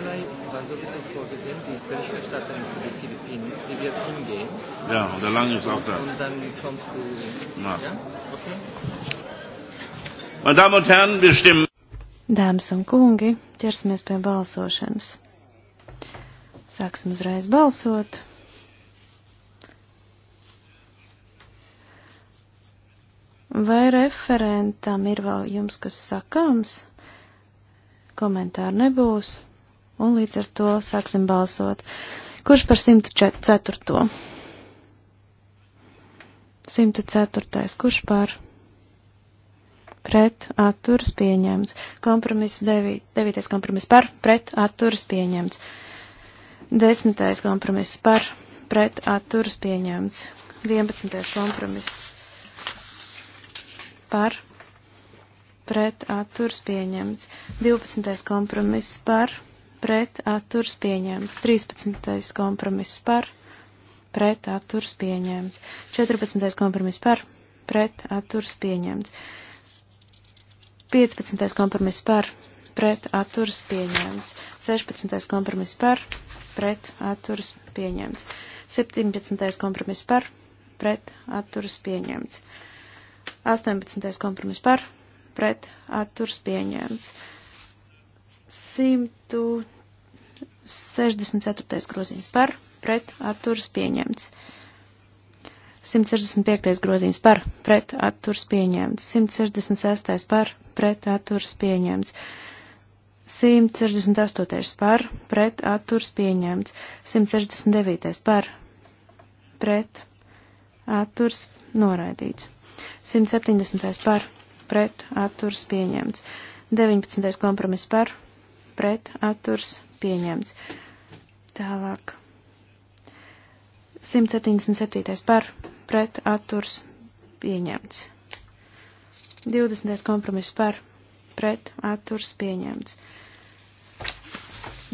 Nikolai war sowieso vorgesehen, die ist Berichterstatterin für die Philippinen. Sie wird hingehen. Ja, und der Lange ist auch da. Und dann kommst du. Na. Ja? Okay. Meine Damen und Herren, wir stimmen. Dāmas un kungi, ķersimies pie balsošanas. Sāksim uzreiz balsot. Vai referentam ir vēl jums kas sakāms? Komentāru nebūs. Un līdz ar to sāksim balsot. Kurš par 104? 104. Kurš par? Pret atturas pieņemts. Kompromiss 9. 9. kompromiss par. Pret atturas pieņemts. 10. kompromiss par. Pret atturas pieņemts. 11. kompromiss par. Pret atturas pieņemts. 12. kompromiss par pret atturs pieņēmts. 13. kompromiss par, pret atturs pieņēmts. 14. kompromiss par, pret atturs pieņēmts. 15. kompromiss par, pret atturs pieņēmts. 16. kompromiss par, pret atturs pieņēmts. 17. kompromiss par, pret atturs pieņēmts. 18. kompromiss par, pret atturs pieņēmts. 164. grozījums par, pret atturas pieņemts. 165. grozījums par, pret atturas pieņemts. 166. par, pret atturas pieņemts. 168. par, pret atturas pieņemts. 169. par, pret atturas noraidīts. 170. par, pret atturas pieņemts. 19. kompromiss par, pret atturs pieņemts. Tālāk. 177. par pret atturs pieņemts. 20. kompromiss par pret atturs pieņemts.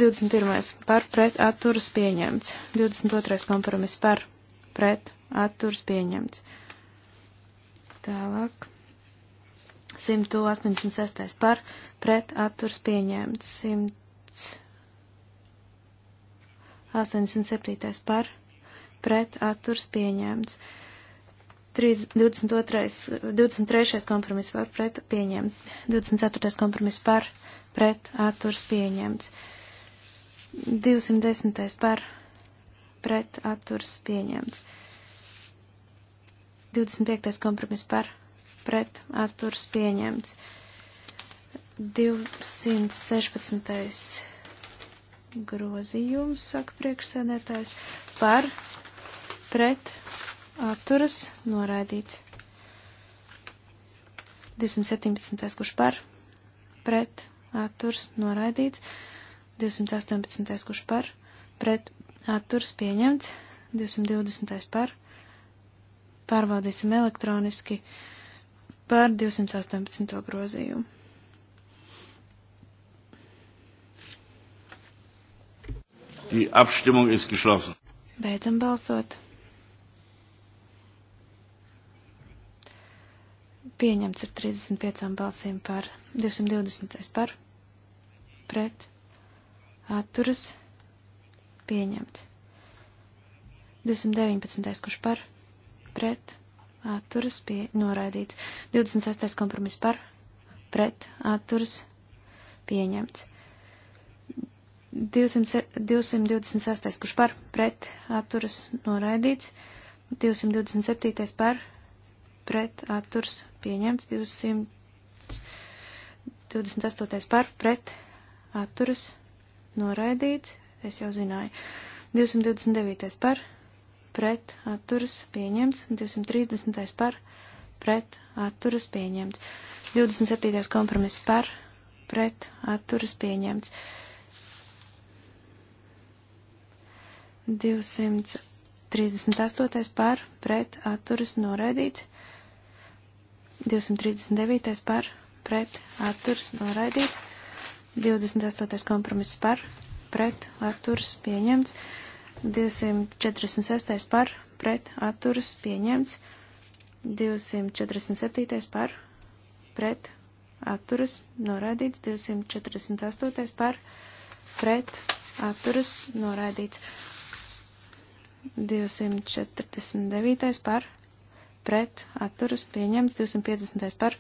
21. par pret atturs pieņemts. 22. kompromiss par pret atturs pieņemts. Tālāk. 186. par pret atturs pieņemts. 187. par pret atturs pieņemts. 22. 23. kompromiss par pret pieņemts. 24. kompromiss par pret atturs pieņemts. 210. par pret atturs pieņemts. 25. kompromiss par pret pret atturs pieņemts. 216. grozījums, saka priekšsēdētājs, par pret atturas noraidīts. 217. kurš par pret atturas noraidīts. 218. kurš par pret atturas pieņemts. 220. par pārbaudīsim elektroniski. Uh, par 218. grozījumu. Die Abstimmung ist geschlossen. Beidzam balsot. Pieņemts ar 35 balsīm par 220 par, pret, atturas, pieņemts. 219, kurš par, pret, atturas pie noraidīts. 26. kompromiss par pret atturas pieņemts. 200, 226. kurš par pret atturas noraidīts. 227. par pret atturs pieņemts. 228. par pret atturs noraidīts. Es jau zināju. 229. par pret pret atturas pieņemts, 230. par pret atturas pieņemts, 27. kompromiss par pret atturas pieņemts, 238. par pret atturas noraidīts, 239. par pret atturas noraidīts, 28. kompromiss par pret atturas pieņemts, 246. par pret atturas pieņemts. 247. par pret atturas noraidīts. 248. par pret atturas noraidīts. 249. par pret atturas pieņemts. 250. par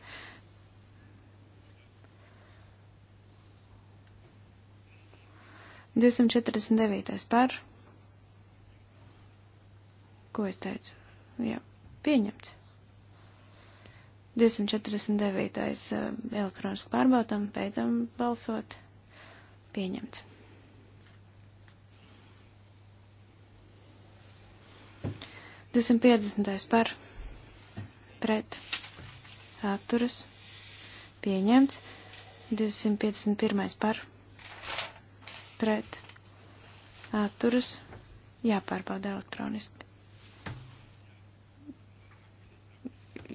Divsimt četrdesmit devītais par Ko es teicu? Jā, pieņemts. 249. Eh, elektroniski pārbaudam, beidzam balsot. Pieņemts. Divsimt piecdesmitais par pret atturas pieņemts. 251. par pret atturas jāpārbauda elektroniski.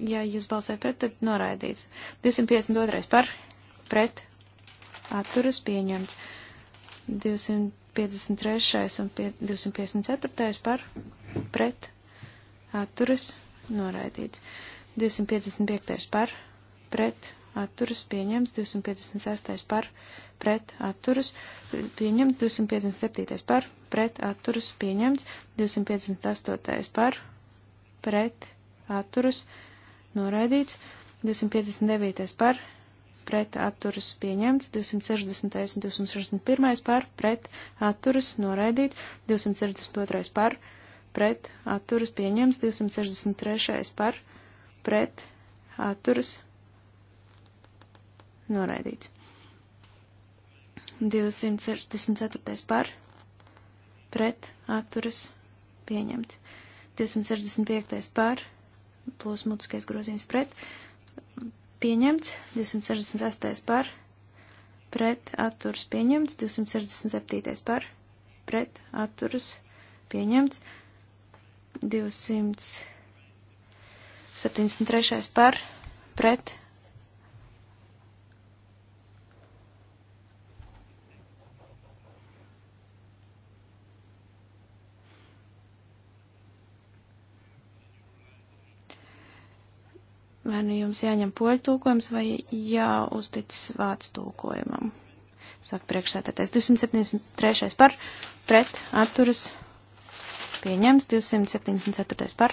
Ja jūs balsojat pret, tad noraidīts. 252. par, pret, atturas pieņemts. 253. un 254. par, pret, atturas noraidīts. 255. par, pret, atturas pieņemts. 256. par, pret, atturas pieņemts. 257. par, pret, atturas pieņemts. 258. par, pret, atturas pieņemts pret atturas noraidīts, 259. par pret atturas pieņemts, 260. un 261. par pret atturas noraidīts, 262. par pret atturas pieņemts, 263. par pret atturas noraidīts. 264. par pret atturas pieņemts, 265. par pret plus mutiskais grozījums pret. Pieņemts 268. par pret atturas pieņemts, 267. par pret atturas pieņemts, 273. par pret vai nu jums jāņem poļu tūkojums vai jāuzticas vācu tūkojumam. Saka priekšsētātais 273. par, pret, atturas, pieņems, 274. par,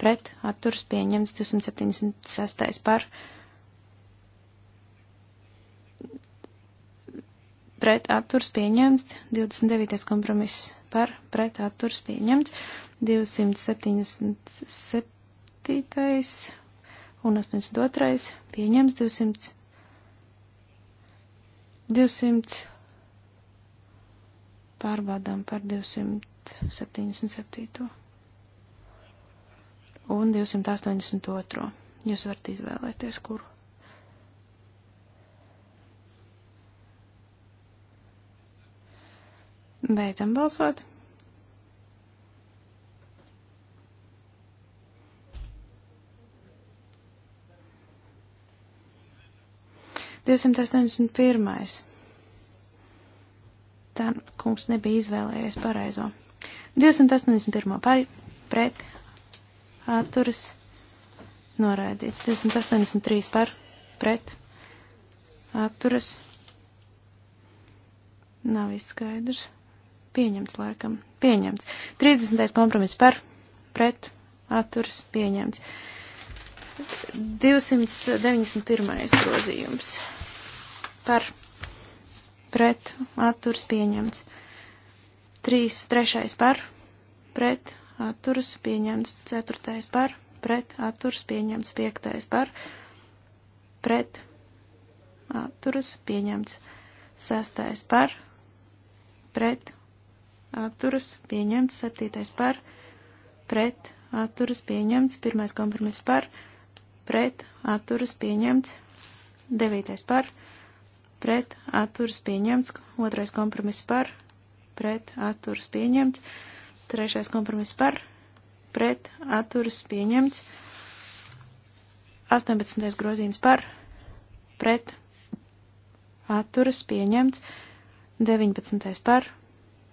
pret, atturas, pieņems, 276. par, pret, atturas, pieņems, 29. kompromiss par, pret, atturas, pieņems, 277 un 82. pieņems 200. 200. Pārbaudām par 277. un 282. Jūs varat izvēlēties, kuru. Beidzam balsot. 281. Tā kungs nebija izvēlējies pareizo. 281. par pret atturas noraidīts. 283 par pret atturas nav izskaidrs. Pieņemts laikam. Pieņemts. 30. kompromiss par pret atturas pieņemts. 291. grozījums par pret atturas pieņemts. 3. Trešais par pret atturas pieņemts. 4. par pret atturas pieņemts. 5. par pret atturas pieņemts. 6. par pret atturas pieņemts. 7. par pret atturas pieņemts. 1. kompromiss par pret atturas pieņemts. 9. par pret pret atturas pieņemts, otrais kompromiss par, pret atturas pieņemts, trešais kompromiss par, pret atturas pieņemts, 18. grozījums par, pret atturas pieņemts, 19. par,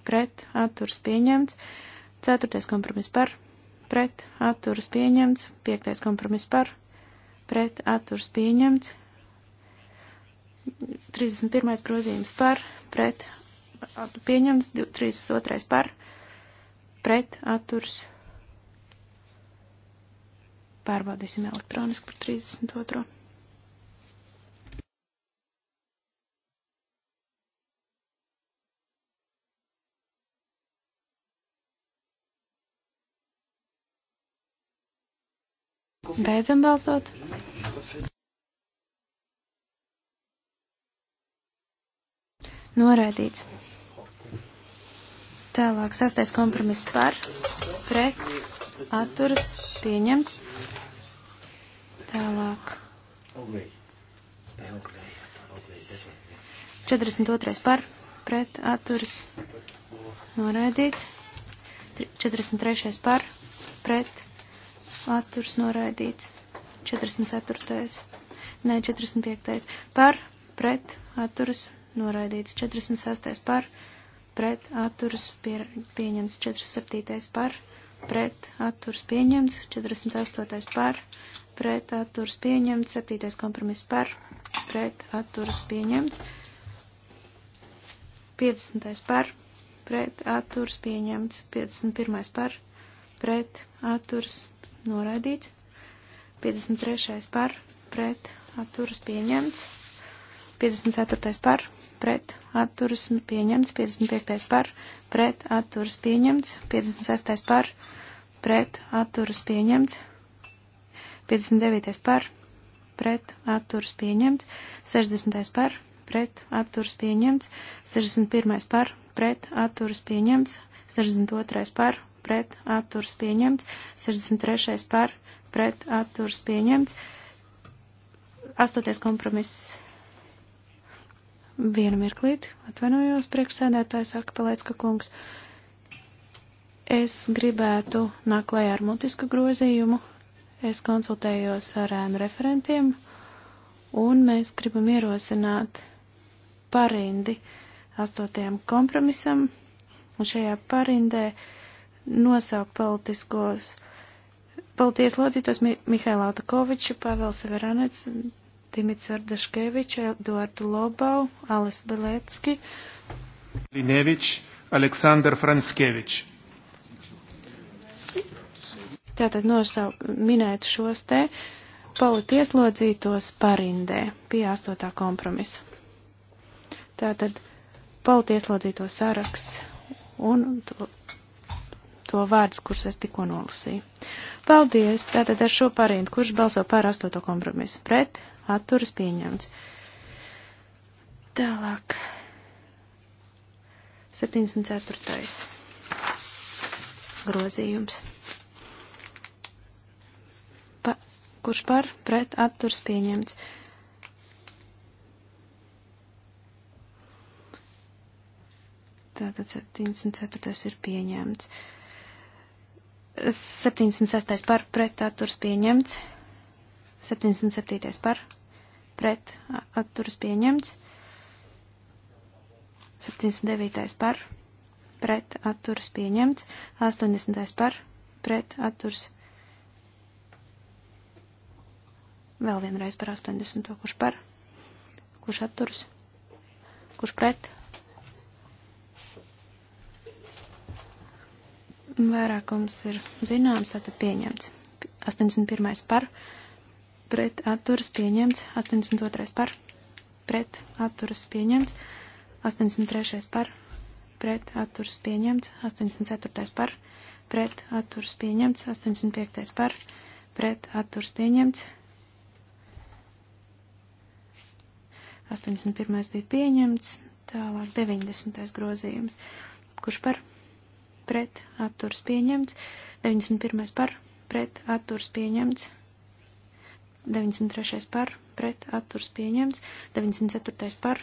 pret atturas pieņemts, 4. kompromiss par, pret atturas pieņemts, 5. kompromiss par, pret atturas pieņemts, 31. grozījums par, pret, pieņemts, 32. par, pret, atturs. Pārbaudīsim elektroniski par 32. Beidzam balsot. Noraidīts. Tālāk sastais kompromiss par, pret, atturas, pieņemts. Tālāk. 42. par, pret, atturas, noraidīts. 43. par, pret, atturas, noraidīts. 44. Nē, 45. par, pret, atturas, noraidīts noraidīts 46. par, pret atturas pie, pieņemts 47. par, pret atturas pieņemts 48. par, pret atturas pieņemts 7. kompromiss par, pret atturas pieņemts 50. par, pret atturas pieņemts 51. par, pret atturas noraidīts 53. par, pret atturas pieņemts 54. par, pret atturas pieņemts, 55. par pret atturas pieņemts, 56. par pret atturas pieņemts, 59. par pret atturas pieņemts, 60. par pret atturas pieņemts, 61. par pret atturas pieņemts, 62. par pret atturas pieņemts, 63. par pret atturas pieņemts, 8. kompromiss Vienu mirklīti, atvainojos priekšsēdētājs Akapelēcka kungs. Es gribētu nākt klajā ar mutisku grozījumu. Es konsultējos ar ēnu referentiem, un mēs gribam ierosināt parindi astotajam kompromisam, un šajā parindē nosaukt politiskos, polities locītos Mi Mihailā Takoviču, Pavels Severanets, Timits Ardaškevičs, Eduardu Lobau, Alis Belecki, Linevičs, Aleksandr Franskevičs. Tātad nosauk, minēt šos te politieslodzītos parindē pie 8. kompromisa. Tātad politieslodzīto saraksts un to, to vārdus, kurus es tikko nolasīju. Paldies! Tātad ar šo parindu, kurš balso par 8. kompromisu? Pret? atturas pieņemts. Tālāk. 74. grozījums. Pa, kurš par pret atturs pieņemts? Tātad 74. ir pieņemts. 76. par pret atturs pieņemts. 77. par pret atturas pieņemts. 79. par pret atturas pieņemts. 80. par pret atturas. Vēl vienreiz par 80. kurš par, kurš atturas, kurš pret. Vairākums ir zināms, tātad pieņemts. 81. par pret pret atturas pieņemts, 82. par, pret atturas pieņemts, 83. par, pret atturas pieņemts, 84. par, pret atturas pieņemts, 85. par, pret atturas pieņemts, 81. bija pieņemts, tālāk 90. grozījums, kurš par, pret atturas pieņemts, 91. par, pret atturas pieņemts, 92 93. par pret atturs pieņemts, 94. par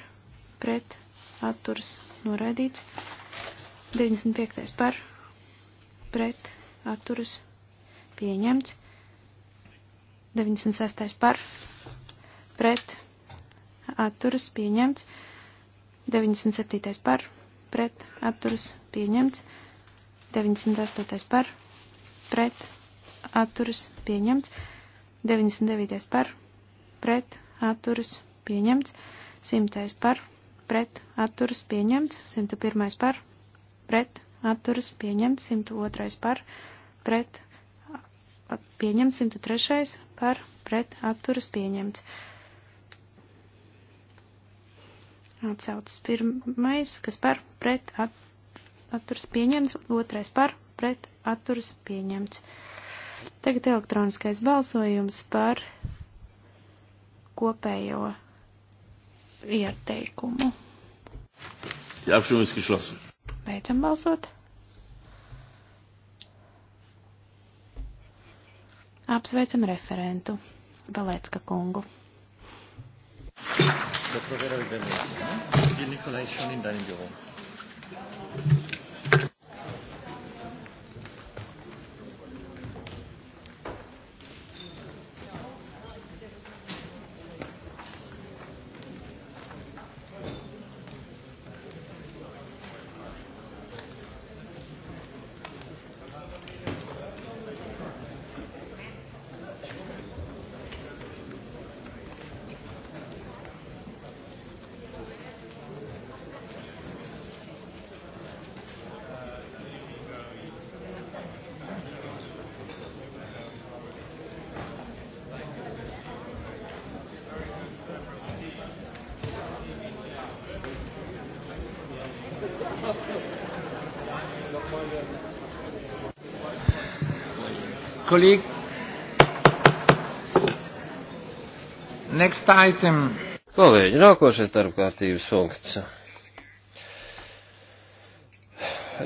pret atturs noraidīts, 95. par pret atturs pieņemts, 96. par pret atturs pieņemts, 97. par pret atturs pieņemts, 98. par pret atturs pieņemts. 99. par, pret, atturas, pieņemts. 100. par, pret, atturas, pieņemts. 101. par, pret, atturas, pieņemts. 102. par, pret, pieņemts. 103. par, pret, atturas, pieņemts. Atsaucas pirmais, kas par, pret, atturas, pieņemts. Otrais par, pret, atturas, pieņemts. Tagad elektroniskais balsojums par kopējo ieteikumu. Die Abstimmung ist geschlossen. Beidzam balsot. Apsveicam referentu Balēcka kungu. Dopo aver avvenuto, il Nicolai Schonin da in bureau. colleague. Next item. Kolēģi, nākošais darbkārtības punkts.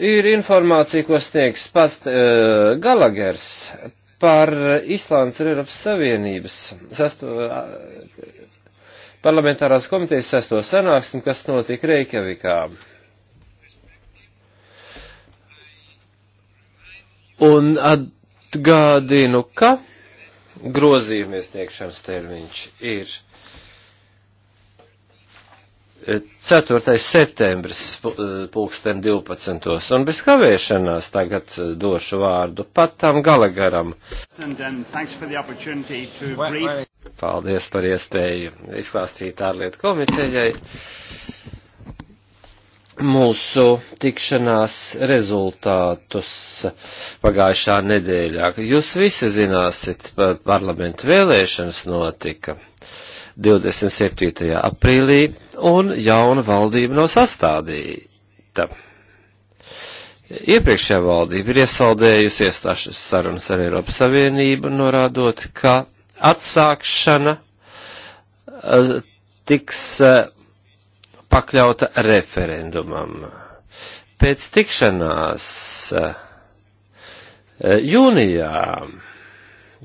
Ir informācija, ko sniegs past uh, eh, Galagers par Islandes un Eiropas Savienības sesto, uh, parlamentārās komitejas sesto sanāksmi, kas notika Reikjavikā. Un at, Atgādinu, ka grozījuma iesniegšanas termiņš ir 4. septembris pulksten 12. un bez kavēšanās tagad došu vārdu pat tam galagaram. Paldies par iespēju izklāstīt ārlietu komitejai mūsu tikšanās rezultātus pagājušā nedēļā. Jūs visi zināsit, parlamenta vēlēšanas notika 27. aprīlī un jauna valdība nav sastādīta. Iepriekšējā valdība ir iesaldējusi iestāšanas sarunas ar Eiropas Savienību, norādot, ka atsākšana eh, tiks eh, pakļauta referendumam. Pēc tikšanās eh, jūnijā,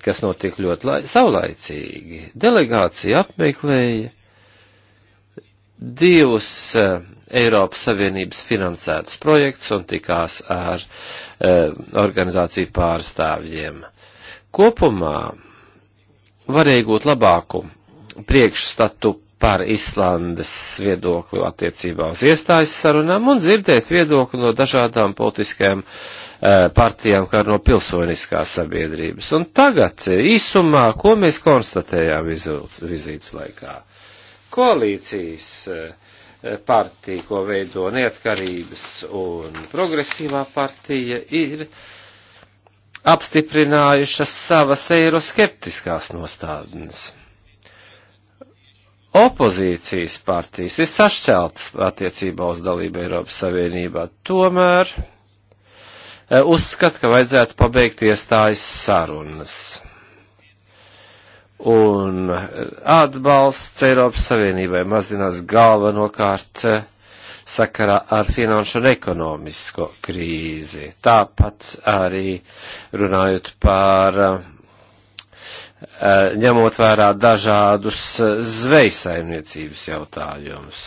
kas notika ļoti lai, saulaicīgi, delegācija apmeklēja divus eh, Eiropas Savienības finansētus projektus un tikās ar eh, organizāciju pārstāvjiem. Kopumā varēja gūt labāku priekšstatu par Islandes viedokli attiecībā uz iestājas sarunām un dzirdēt viedokli no dažādām politiskajām eh, partijām, kā no pilsoniskās sabiedrības. Un tagad eh, īsumā, ko mēs konstatējām vizītes laikā? Koalīcijas eh, partija, ko veido neatkarības un progresīvā partija, ir apstiprinājušas savas eiroskeptiskās nostādnes opozīcijas partijas ir sašķeltas attiecībā uz dalību Eiropas Savienībā. Tomēr e, uzskat, ka vajadzētu pabeigt iestājas sarunas. Un e, atbalsts Eiropas Savienībai mazinās galvenokārt e, sakarā ar finanšu un ekonomisko krīzi. Tāpat arī runājot par Eh, ņemot vērā dažādus eh, zvejsaimniecības jautājumus.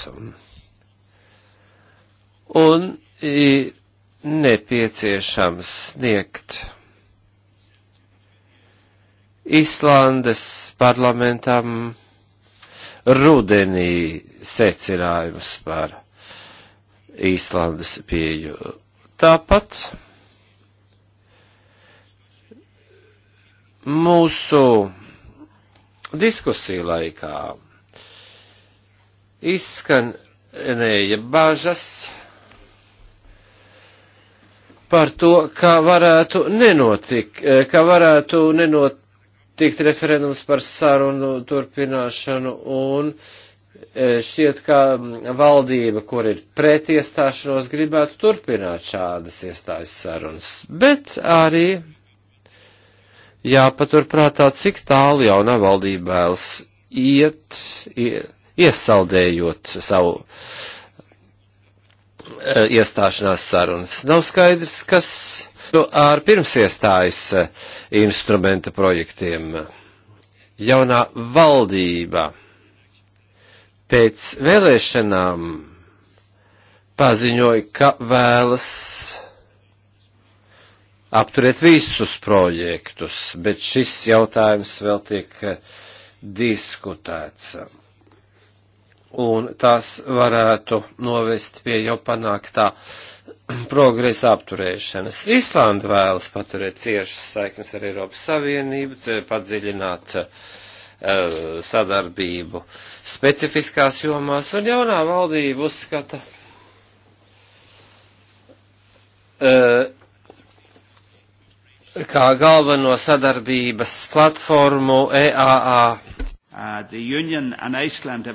Un ir nepieciešams sniegt Islandes parlamentam rudenī secinājumus par Īslandes pieju. Tāpat mūsu diskusiju laikā izskanēja bažas par to, ka varētu nenotikt, ka varētu nenotikt referendums par sarunu turpināšanu un e, šķiet, ka valdība, kur ir pret iestāšanos, gribētu turpināt šādas iestājas sarunas, bet arī jāpaturprātā, cik tālu jaunā valdība vēlas iet, ie, iesaldējot savu e, iestāšanās sarunas. Nav skaidrs, kas nu, ar pirms iestājas e, instrumenta projektiem. Jaunā valdība pēc vēlēšanām paziņoja, ka vēlas apturēt visus projektus, bet šis jautājums vēl tiek eh, diskutēts. Un tās varētu novest pie jau panāktā progresa apturēšanas. Islanda vēlas paturēt ciešas saiknes ar Eiropas Savienību, padziļināt uh, sadarbību specifiskās jomās, un jaunā valdība uzskata uh, kā galveno sadarbības platformu EAA. Uh,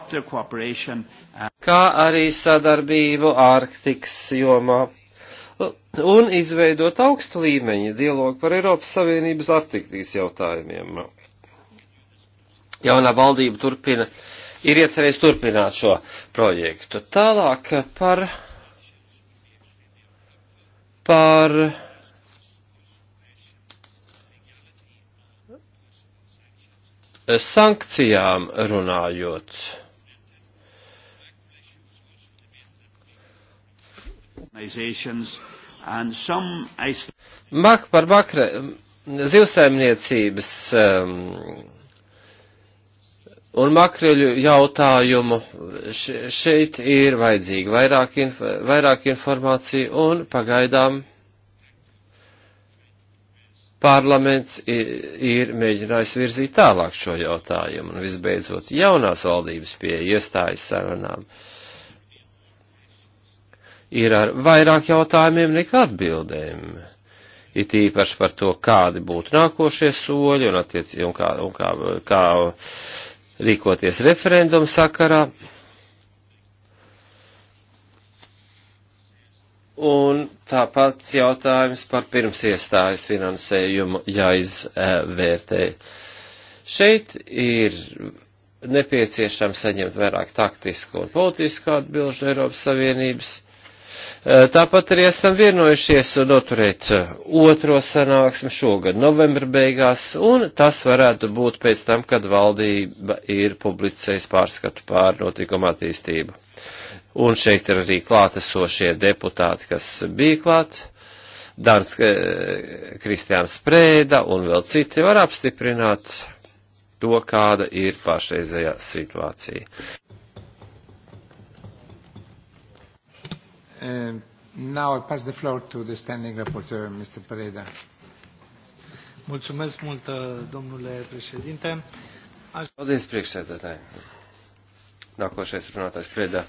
uh, kā arī sadarbību Ārktikas jomā un izveidot augsta līmeņa dialogu par Eiropas Savienības Arktikas jautājumiem. Jaunā valdība turpina, ir iecerējis turpināt šo projektu. Tālāk par, par sankcijām runājot. Mak par bakre, zivsaimniecības um, un makreļu jautājumu šeit ir vajadzīga vairāk, inf vairāk informācija un pagaidām parlaments ir, ir mēģinājis virzīt tālāk šo jautājumu. Un visbeidzot, jaunās valdības pie iestājas sarunām ir ar vairāk jautājumiem nekā atbildēm. It īpaši par to, kādi būtu nākošie soļi un, attiec, un, kā, un kā, kā rīkoties referendumu sakarā. Un tāpat jautājums par pirms iestājas finansējumu jāizvērtē. Šeit ir nepieciešams saņemt vairāk taktisku un politisku atbilžu Eiropas Savienības. E, tāpat arī esam vienojušies noturēt e, otro sanāksmi šogad novembra beigās, un tas varētu būt pēc tam, kad valdība ir publicējusi pārskatu pār notikumu attīstību un šeit ir arī klātesošie deputāti, kas bija klāt. Dārns eh, Kristiāns Prēda un vēl citi var apstiprināt to, kāda ir pašreizējā situācija. Um, now I pass the floor to the standing rapporteur, Mr. Preda. Mulțumesc mult, uh, domnule președinte. Aș... Paldies, priekšsēdētāji. Nākošais runātājs Preda.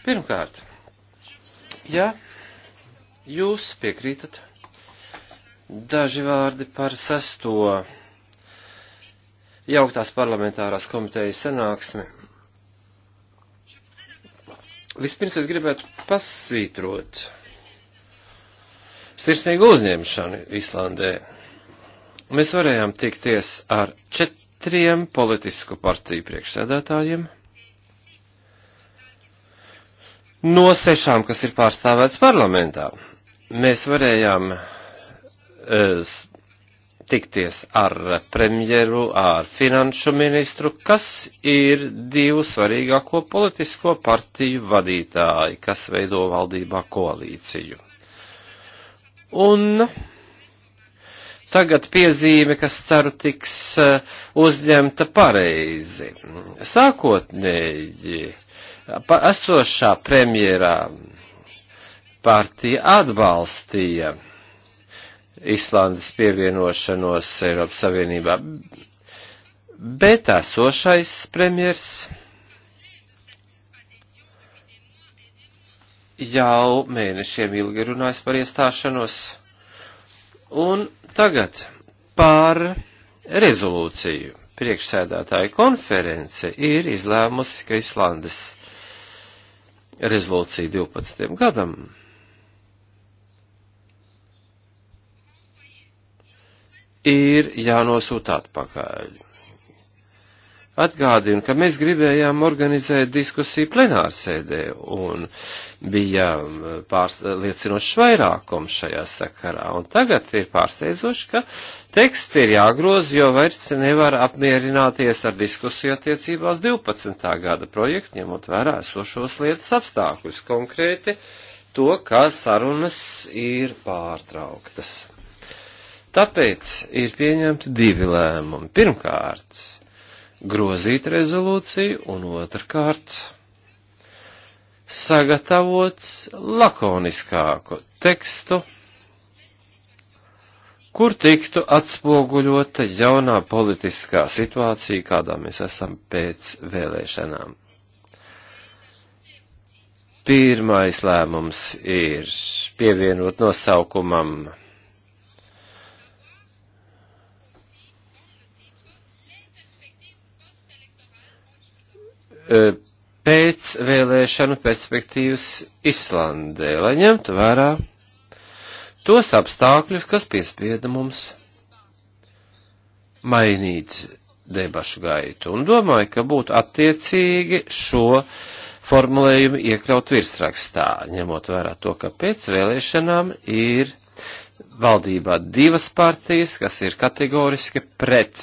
Pirmkārt, ja jūs piekrītat daži vārdi par sesto jauktās parlamentārās komitejas sanāksmi. Vispirms es gribētu pasvītrot sirsnīgu uzņemšanu Islandē. Mēs varējām tikties ar četriem politisku partiju priekšsēdētājiem no sešām, kas ir pārstāvēts parlamentā. Mēs varējām uh, tikties ar premjeru, ar finanšu ministru, kas ir divu svarīgāko politisko partiju vadītāji, kas veido valdībā koalīciju. Un tagad piezīme, kas ceru tiks eh, uzņemta pareizi. Sākotnēji esošā premjerā partija atbalstīja Islandes pievienošanos Eiropas Savienībā, bet esošais premjers jau mēnešiem ilgi runājis par iestāšanos. Un tagad par rezolūciju. Priekšsēdētāja konference ir izlēmusi, ka Islandes rezolūciju 12. gadam. Ir jānosūta atpakaļ atgādinu, ka mēs gribējām organizēt diskusiju plenārsēdē un bija eh, pārliecinošs eh, vairākums šajā sakarā. Un tagad ir pārsteidzoši, ka teksts ir jāgroz, jo vairs nevar apmierināties ar diskusiju attiecībās 12. gada projektu, ņemot vērā esošos lietas apstākļus konkrēti to, kā sarunas ir pārtrauktas. Tāpēc ir pieņemti divi lēmumi. Pirmkārt, grozīt rezolūciju un otrkārt sagatavot lakoniskāku tekstu, kur tiktu atspoguļota jaunā politiskā situācija, kādā mēs esam pēc vēlēšanām. Pirmais lēmums ir pievienot nosaukumam E, pēc vēlēšanu perspektīvas Islandē, lai ņemtu vērā tos apstākļus, kas piespieda mums mainīt debašu gaitu. Un domāju, ka būtu attiecīgi šo formulējumu iekļaut virsrakstā, ņemot vērā to, ka pēc vēlēšanām ir valdībā divas partijas, kas ir kategoriski pret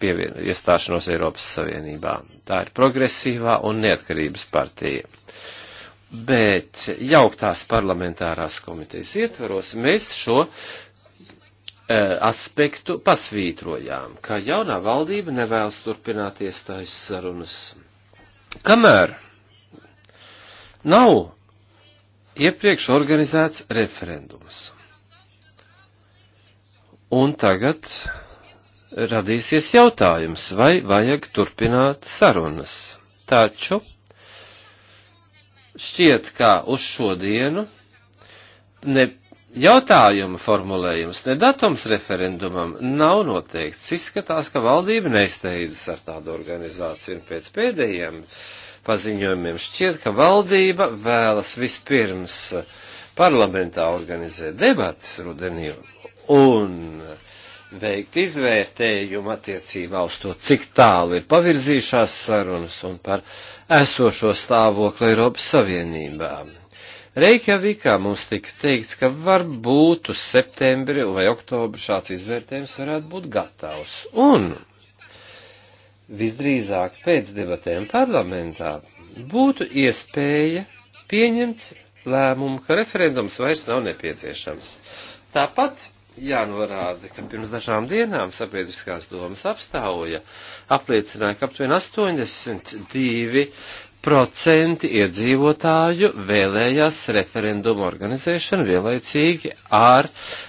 pievien, iestāšanos Eiropas Savienībā. Tā ir progresīvā un neatkarības partija. Bet jauktās parlamentārās komitejas ietvaros mēs šo e, aspektu pasvītrojām, ka jaunā valdība nevēlas turpināt iestājas sarunas. Kamēr nav iepriekš organizēts referendums. Un tagad radīsies jautājums, vai vajag turpināt sarunas. Taču šķiet, kā uz šo dienu ne jautājuma formulējums, ne datums referendumam nav noteikts. Izskatās, ka valdība nesteidzas ar tādu organizāciju un pēc pēdējiem paziņojumiem šķiet, ka valdība vēlas vispirms parlamentā organizēt debatas rudenī un veikt izvērtējumu attiecībā uz to, cik tālu ir pavirzījušās sarunas un par esošo stāvokli Eiropas Savienībā. Reikjavikā mums tika teikts, ka varbūt uz septembri vai oktobri šāds izvērtējums varētu būt gatavs. Un visdrīzāk pēc debatēm parlamentā būtu iespēja pieņemt lēmumu, ka referendums vairs nav nepieciešams. Tāpat jānorāda, nu ka pirms dažām dienām sabiedriskās domas apstāvoja apliecināja, ka aptuveni 82% iedzīvotāju vēlējās referendumu organizēšanu vienlaicīgi ar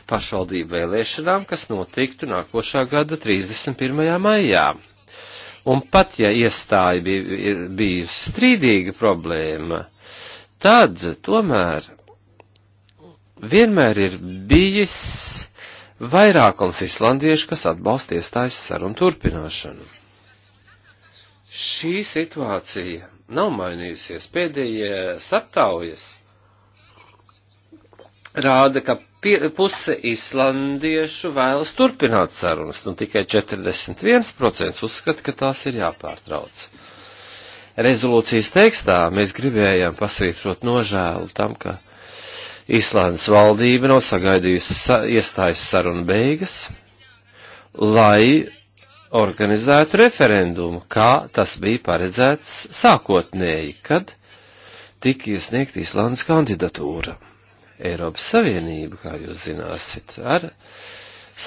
pašvaldību vēlēšanām, kas notiktu nākošā gada 31. maijā. Un pat ja iestāja bija, bija strīdīga problēma, tad tomēr vienmēr ir bijis vairākums islandiešu, kas atbalsta iestājas sarunu turpināšanu. Šī situācija nav mainījusies. Pēdējie saptaujas rāda, ka pie, puse islandiešu vēlas turpināt sarunas, un nu, tikai 41% uzskata, ka tās ir jāpārtrauc. Rezolūcijas tekstā mēs gribējām pasvītrot nožēlu tam, ka Īslandes valdība nav sagaidījusi sa iestājas sarunu beigas, lai organizētu referendumu, kā tas bija paredzēts sākotnēji, kad tika iesniegt Īslandes kandidatūra. Eiropas Savienība, kā jūs zināsit, ar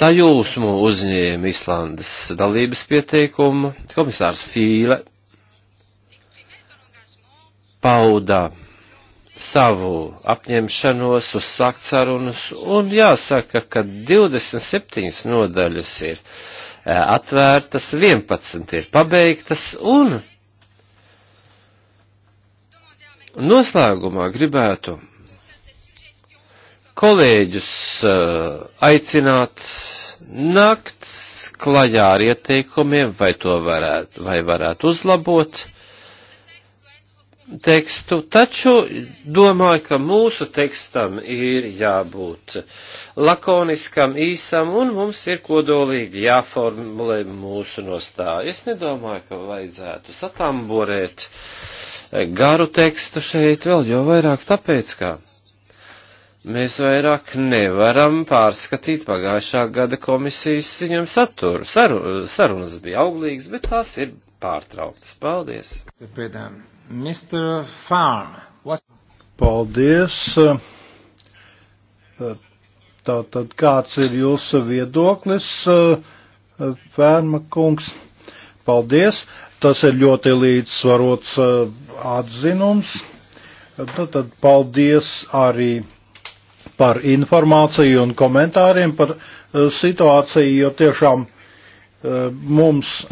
sajūsmu uzņēma Islandes dalības pieteikumu. Komisārs Fīle pauda savu apņemšanos, uzsākt sarunas, un jāsaka, ka 27 nodaļas ir eh, atvērtas, 11 ir pabeigtas, un noslēgumā gribētu kolēģus eh, aicināt nakts klajā ar ieteikumiem, vai to varētu, vai varētu uzlabot tekstu, taču domāju, ka mūsu tekstam ir jābūt lakoniskam, īsam, un mums ir kodolīgi jāformulē mūsu nostāja. Es nedomāju, ka vajadzētu satamborēt garu tekstu šeit vēl, jo vairāk tāpēc, ka mēs vairāk nevaram pārskatīt pagājušā gada komisijas ziņam saturu. Saru, sarunas bija auglīgas, bet tās ir pārtrauktas. Paldies! Pēdām. Mr. Farm. What... Paldies. Tātad kāds ir jūsu viedoklis, Fērma kungs? Paldies. Tas ir ļoti līdzsvarots atzinums. Tātad nu paldies arī par informāciju un komentāriem par eh, situāciju, jo tiešām eh, mums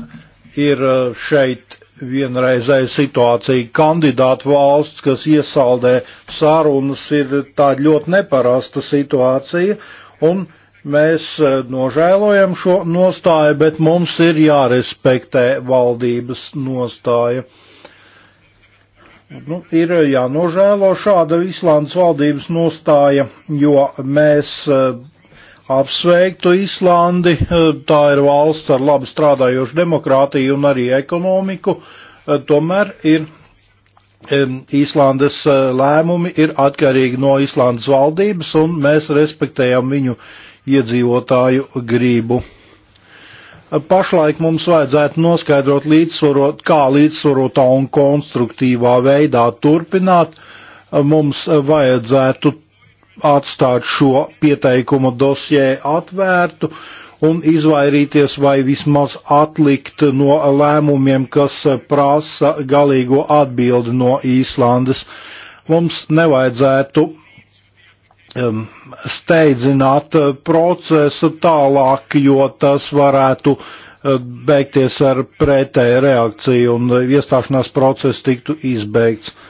ir eh, šeit vienreizēja situācija. Kandidātu valsts, kas iesaldē sarunas, ir tāda ļoti neparasta situācija, un mēs e, nožēlojam šo nostāju, bet mums ir jārespektē valdības nostāja. Nu, ir jānožēlo šāda Islandes valdības nostāja, jo mēs e, apsveiktu Islandi. Tā ir valsts ar labi strādājošu demokrātiju un arī ekonomiku. Tomēr ir Īslandes eh, lēmumi ir atkarīgi no Īslandes valdības, un mēs respektējam viņu iedzīvotāju gribu. Pašlaik mums vajadzētu noskaidrot, līdzsvarot, kā līdzsvarotā un konstruktīvā veidā turpināt. Mums vajadzētu atstāt šo pieteikumu dosjē atvērtu un izvairīties vai vismaz atlikt no lēmumiem, kas prasa galīgo atbildi no Īslandes. Mums nevajadzētu um, steidzināt procesu tālāk, jo tas varētu uh, beigties ar pretēju reakciju un iestāšanās process tiktu izbeigts. Uh,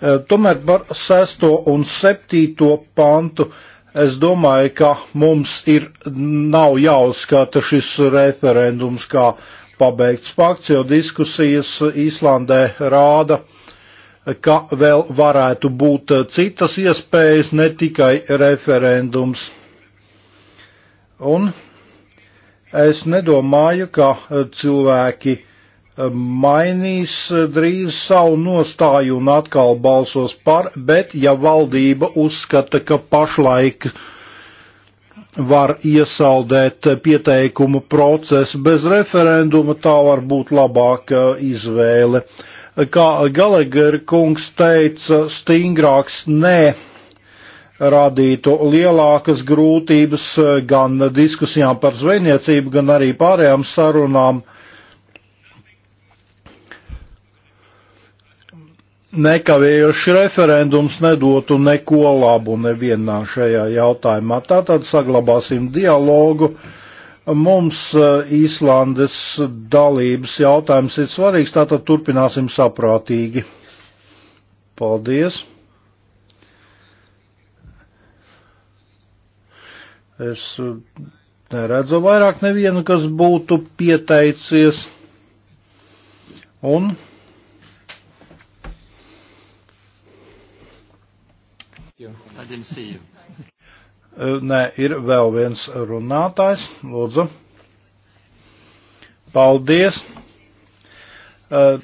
Eh, tomēr par 6. un 7. pantu es domāju, ka mums ir nav jāuzskata šis referendums kā pabeigts fakts, jo diskusijas Īslandē rāda, ka vēl varētu būt citas iespējas, ne tikai referendums. Un es nedomāju, ka cilvēki mainīs eh, drīz savu nostāju un atkal balsos par, bet ja valdība uzskata, ka pašlaik var iesaldēt pieteikumu procesu bez referenduma, tā var būt labāka izvēle. Kā Galegera kungs teica, stingrāks nē radītu lielākas grūtības gan diskusijām par zvejniecību, gan arī pārējām sarunām. Uh, nekavējoši referendums nedotu neko labu nevienā šajā jautājumā. Tātad saglabāsim dialogu. Mums eh, Īslandes dalības jautājums ir svarīgs, tātad turpināsim saprātīgi. Paldies! Es eh, neredzu vairāk nevienu, kas būtu pieteicies. Un didn't see you. Uh, nē, ir vēl viens runātājs, lūdzu. Paldies. Uh,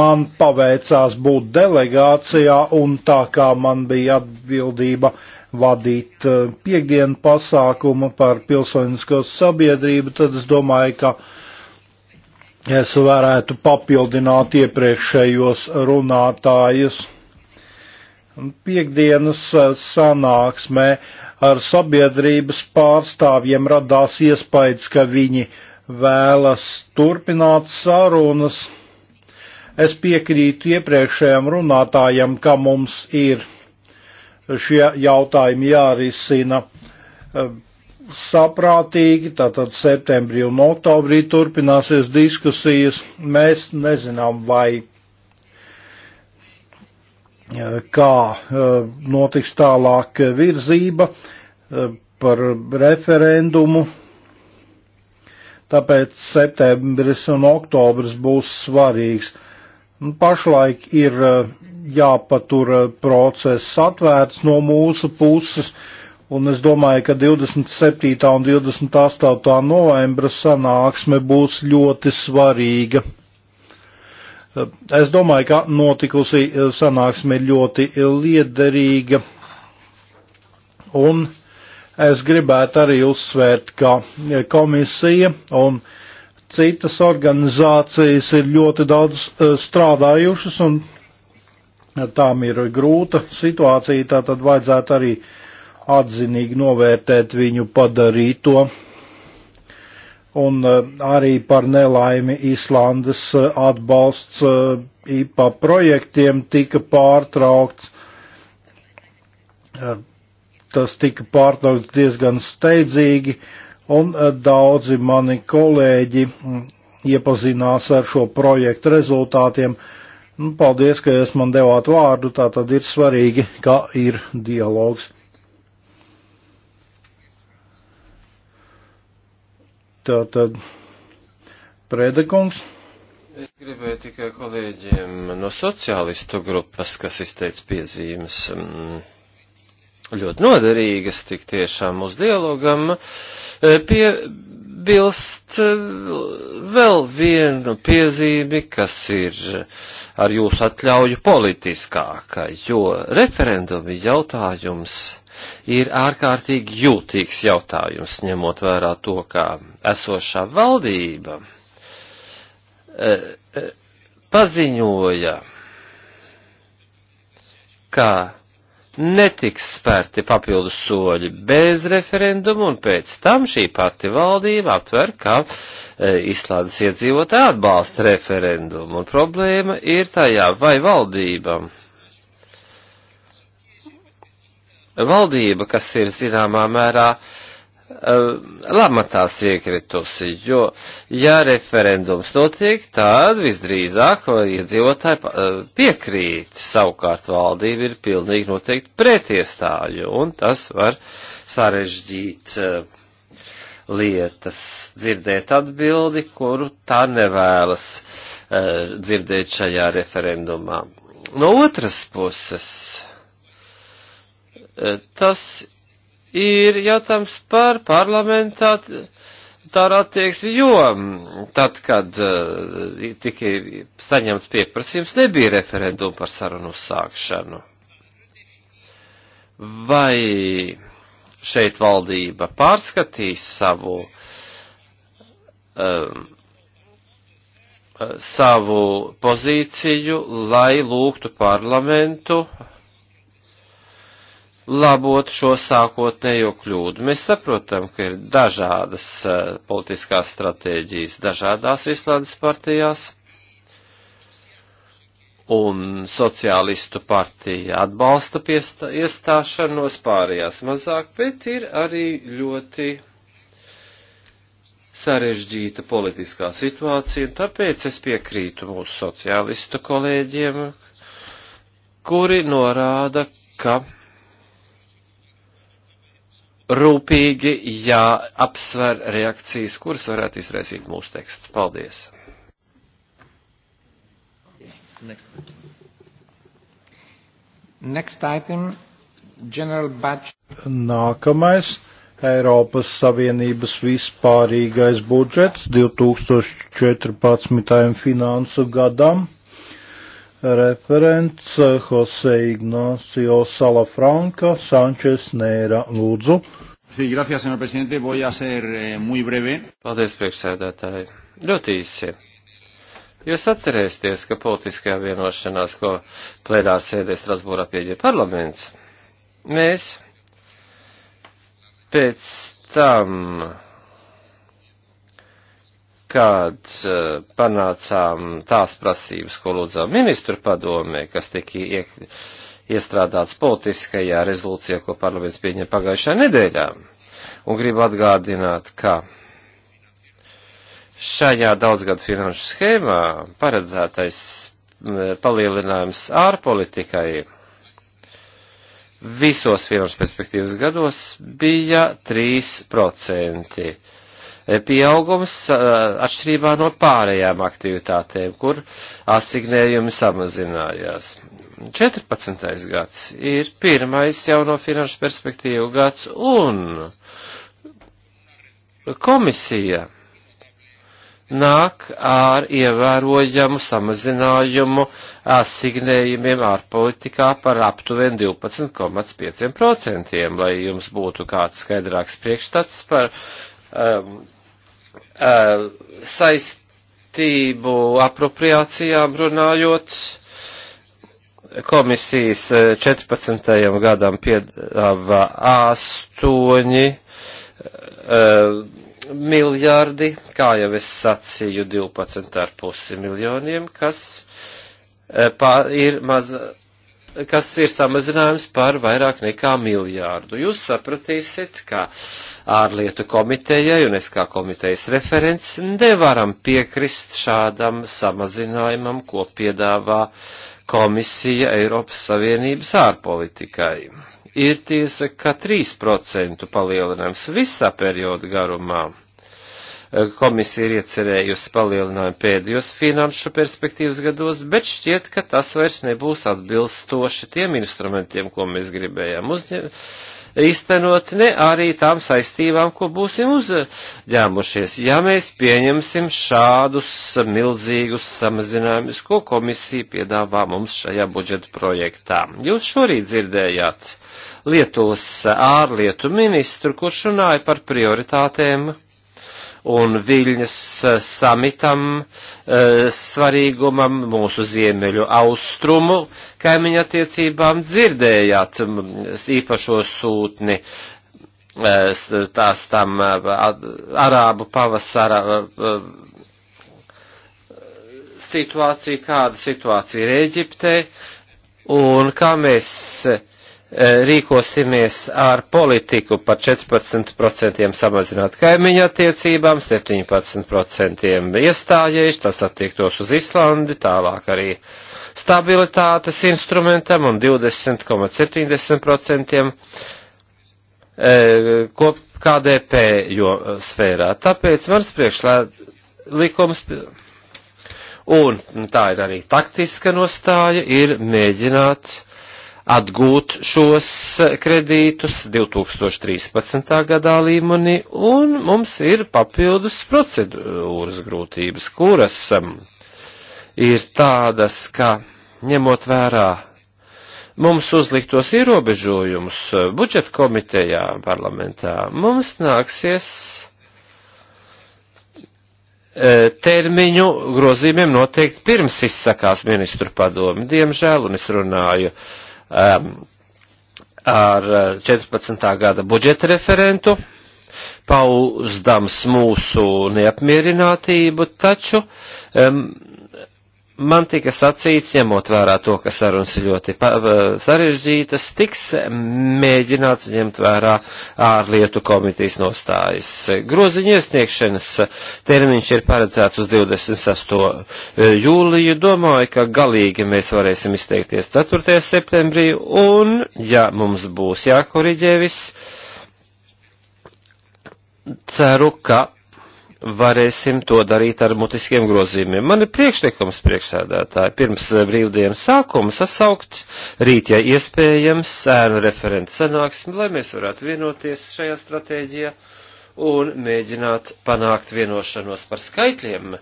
man paveicās būt delegācijā un tā kā man bija atbildība vadīt uh, piekdienu pasākumu par pilsonisko sabiedrību, tad es domāju, ka es varētu papildināt iepriekšējos runātājus. Piektdienas eh, sanāksmē ar sabiedrības pārstāvjiem radās iespējas, ka viņi vēlas turpināt sarunas. Es piekrītu iepriekšējiem runātājiem, ka mums ir šie jautājumi jārisina eh, saprātīgi, tātad septembrī un oktobrī turpināsies diskusijas. Mēs nezinām, vai kā e, notiks tālāk virzība e, par referendumu. Tāpēc septembris un oktobris būs svarīgs. Nu, pašlaik ir e, jāpatur process atvērts no mūsu puses, un es domāju, ka 27. un 28. novembra sanāksme būs ļoti svarīga. Eh, es domāju, ka notikusi eh, sanāksme ir ļoti eh, liederīga. Un es gribētu arī uzsvērt, ka komisija un citas organizācijas ir ļoti daudz strādājušas un tām ir grūta situācija, tā tad vajadzētu arī atzinīgi novērtēt viņu padarīto un e, arī par nelaimi Īslandes e, atbalsts e, IPA projektiem tika pārtraukts. Tas tika pārtraukts diezgan steidzīgi, un daudzi mani kolēģi iepazinās ar šo projektu rezultātiem. Nu, paldies, ka jūs man devāt vārdu, tā tad ir svarīgi, ka ir dialogs. Tā tad Prēdekungs. Es gribēju tikai kolēģiem no sociālistu grupas, kas izteica piezīmes mm, ļoti noderīgas tik tiešām uz dialogam, e, piebilst e, vēl vienu piezīmi, kas ir ar jūsu atļauju politiskāka, jo referendumi jautājums ir ārkārtīgi jūtīgs jautājums, ņemot vērā to, ka esošā valdība e, e, paziņoja, ka netiks spērti papildu soļi bez referendumu, un pēc tam šī pati valdība aptver, ka e, Islandes iedzīvotāji atbalsta referendumu, un problēma ir tajā, vai valdībam valdība, kas ir zināmā mērā eh, lamatās iekritusi, jo, ja referendums notiek, tad visdrīzāk iedzīvotāji ja eh, piekrīt, savukārt valdība ir pilnīgi noteikti pretiestāju, un tas var sarežģīt eh, lietas, dzirdēt atbildi, kuru tā nevēlas dzirdēt šajā referendumā. No otras puses, Tas ir jautājums par parlamentā tā attieksmi, jo tad, kad eh, tika saņemts pieprasījums, nebija referendumu par sarunu sākšanu. Vai šeit valdība pārskatīs savu, um, savu pozīciju, lai lūgtu parlamentu labot šo sākotnējo kļūdu. Mēs saprotam, ka ir dažādas eh, politiskās stratēģijas dažādās Islandes partijās, un sociālistu partija atbalsta piesta, iestāšanos, pārējās mazāk, bet ir arī ļoti sarežģīta politiskā situācija, un tāpēc es piekrītu mūsu sociālistu kolēģiem, kuri norāda, ka rūpīgi jāapsver reakcijas, kuras varētu izraisīt mūsu teksts. Paldies! Next. Next item, General Budget. Nākamais. Eiropas Savienības vispārīgais budžets 2014. finansu gadam referents Jose Ignacio Salafranca Sančes Nēra lūdzu. Sí, gracias, señor presidente. Voy a ser eh, muy breve. Paldies, priekšsēdētāji. Ļoti īsi. Jūs atcerēsieties, ka politiskajā vienošanās, ko plēdā sēdē Strasbūrā pieģē parlaments, mēs pēc tam kad eh, panācām tās prasības, ko lūdzām ministru padomē, kas tika iek, iestrādāts politiskajā rezolūcijā, ko parlaments pieņēma pagājušā nedēļā. Un gribu atgādināt, ka šajā daudzgadu finanšu schēmā paredzētais eh, palielinājums ārpolitikai visos finanšu perspektīvas gados bija 3% pieaugums atšķirībā no pārējām aktivitātēm, kur asignējumi samazinājās. 14. gads ir pirmais jauno finanšu perspektīvu gads un komisija nāk ar ievērojamu samazinājumu asignējumiem ārpolitikā par aptuveni 12,5%, lai jums būtu kāds skaidrāks priekšstats par um, uh, saistību apropriācijām runājot, komisijas 14. Eh, gadam piedāvā 8 uh, eh, miljardi, kā jau es sacīju, 12,5 miljoniem, kas uh, pār, ir maza kas ir samazinājums par vairāk nekā miljārdu. Jūs sapratīsiet, ka ārlietu komitejai un es kā komitejas referents nevaram piekrist šādam samazinājumam, ko piedāvā komisija Eiropas Savienības ārpolitikai. Ir tiesa, ka 3% palielinājums visā perioda garumā komisija ir iecerējusi palielinājumu pēdējos finanšu perspektīvas gados, bet šķiet, ka tas vairs nebūs atbilstoši tiem instrumentiem, ko mēs gribējām uzņemt, īstenot, ne arī tām saistībām, ko būsim uzņēmušies. Ja mēs pieņemsim šādus milzīgus samazinājumus, ko komisija piedāvā mums šajā budžeta projektā. Jūs šorīt dzirdējāt Lietuvas ārlietu ministru, kurš runāja par prioritātēm un Viļņas eh, samitam eh, svarīgumam, mūsu ziemeļu austrumu kaimiņa attiecībām dzirdējāt īpašo sūtni eh, tās tam arābu pavasara situācija, kāda situācija ir Eģiptei, un kā mēs Eh, rīkosimies ar politiku par 14% samazināt kaimiņu attiecībām, 17% iestājējuši, tas attiektos uz Islandi, tālāk arī stabilitātes instrumentam un 20,70% eh, kop KDP jo eh, sfērā. Tāpēc mans priekšlikums un tā ir arī taktiska nostāja ir mēģināt atgūt šos eh, kredītus 2013. gadā līmenī, un mums ir papildus procedūras grūtības, kuras ir tādas, ka ņemot vērā mums uzliktos ierobežojumus eh, budžeta komitejā parlamentā, mums nāksies eh, termiņu grozījumiem noteikti pirms izsakās ministru padomi, diemžēl, un es runāju uh, um, ar 14. Uh, gada budžeta referentu, pauzdams mūsu neapmierinātību, taču um, man tika sacīts, ņemot vērā to, ka sarunas ir ļoti sarežģītas, tiks mēģināts ņemt vērā ārlietu komitejas nostājas. Groziņu iesniegšanas termiņš ir paredzēts uz 28. E, jūliju. Domāju, ka galīgi mēs varēsim izteikties 4. septembrī, un, ja mums būs jākoriģē viss, ceru, ka varēsim to darīt ar mutiskiem grozījumiem. Man ir priekšlikums priekšsēdētāji pirms eh, brīvdienas sākuma sasaukt rīt, ja iespējams, sēnu referentu sanāksmi, lai mēs varētu vienoties šajā stratēģijā un mēģināt panākt vienošanos par skaitļiem.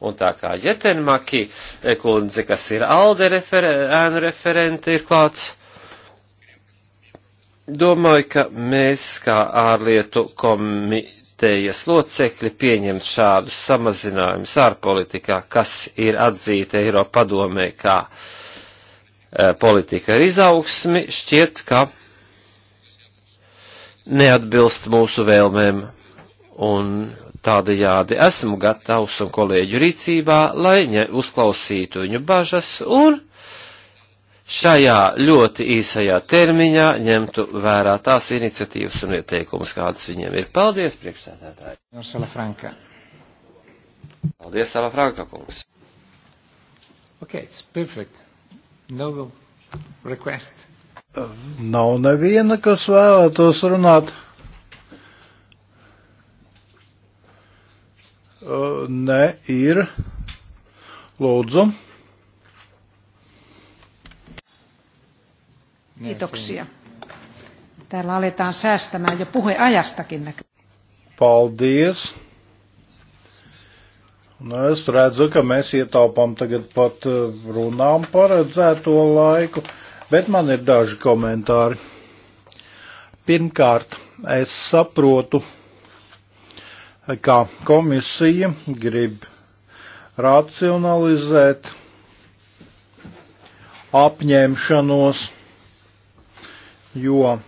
Un tā kā Jetenmaki eh, kundze, kas ir Alde refer ēnu referente, ir klāts. Domāju, ka mēs kā ārlietu komisija komitejas locekļi pieņemt šādus samazinājumus ārpolitikā, kas ir atzīta Eiropa padomē kā e, politika ar izaugsmi, šķiet, ka neatbilst mūsu vēlmēm. Un tādajādi esmu gatavs un kolēģu rīcībā, lai uzklausītu viņu bažas un šajā ļoti īsajā termiņā ņemtu vērā tās iniciatīvas un ieteikumus, kādas viņiem ir. Paldies, priekšsēdētāji! Paldies, Sala Franka kungs! Okay, it's perfect. No request. Nav neviena, kas vēlētos runāt. Uh, ne, ir. Lūdzu. Kiitoksia. Täällä aletaan säästämään jo puheajastakin näkyy. Paldies. Nu, es redzu, ka mēs ietaupām tagad pat eh, runām paredzēto laiku, bet man ir daži komentāri. Pirmkārt, es saprotu, ka komisija grib racionalizēt apņemšanos jo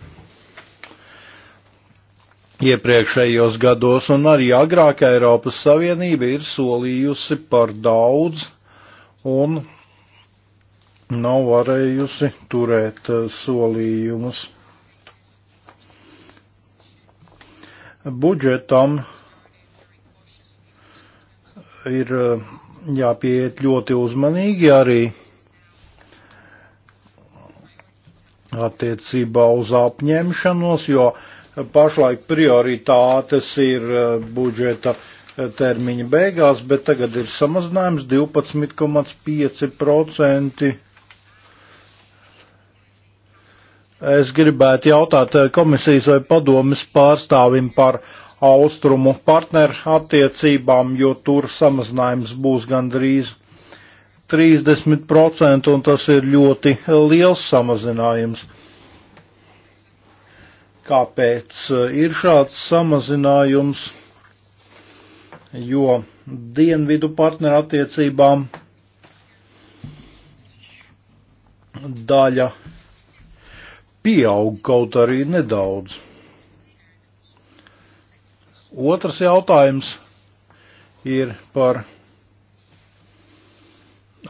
iepriekšējos gados un arī agrāk Eiropas Savienība ir solījusi par daudz un nav varējusi turēt eh, solījumus. Budžetam ir eh, jāpieiet ļoti uzmanīgi arī attiecībā uz apņemšanos, jo pašlaik prioritātes ir eh, budžeta eh, termiņa beigās, bet tagad ir samazinājums 12,5%. Es gribētu jautāt eh, komisijas vai padomis pārstāvim par austrumu partneru attiecībām, jo tur samazinājums būs gandrīz 30%, un tas ir ļoti liels samazinājums. Kāpēc eh, ir šāds samazinājums? Jo dienvidu partneru attiecībām daļa pieaug kaut arī nedaudz. Otrs jautājums ir par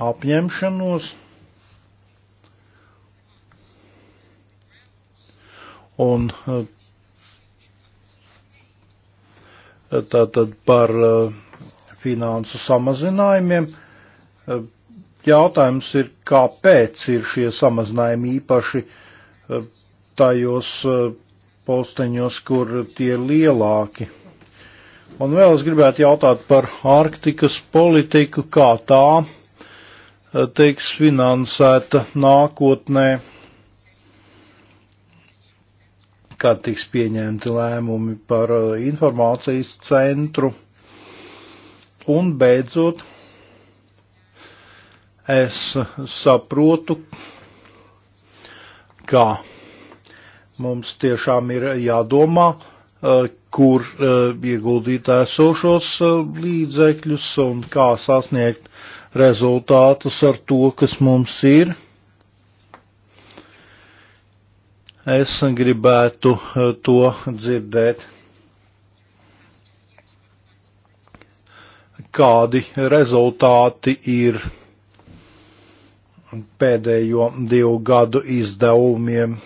apņemšanos. Un eh, tātad par eh, finansu samazinājumiem. Eh, jautājums ir, kāpēc ir šie samazinājumi īpaši tajos posteņos, kur tie ir lielāki. Un vēl es gribētu jautāt par Arktikas politiku kā tā Eh, tiks finansēta nākotnē, kad tiks pieņemti lēmumi par eh, informācijas centru. Un beidzot, es saprotu, ka mums tiešām ir jādomā, eh, kur eh, ieguldīt esošos eh, līdzekļus un kā sasniegt rezultātus ar to, kas mums ir. Es gribētu eh, to dzirdēt. Kādi rezultāti ir pēdējo divu gadu izdevumiem?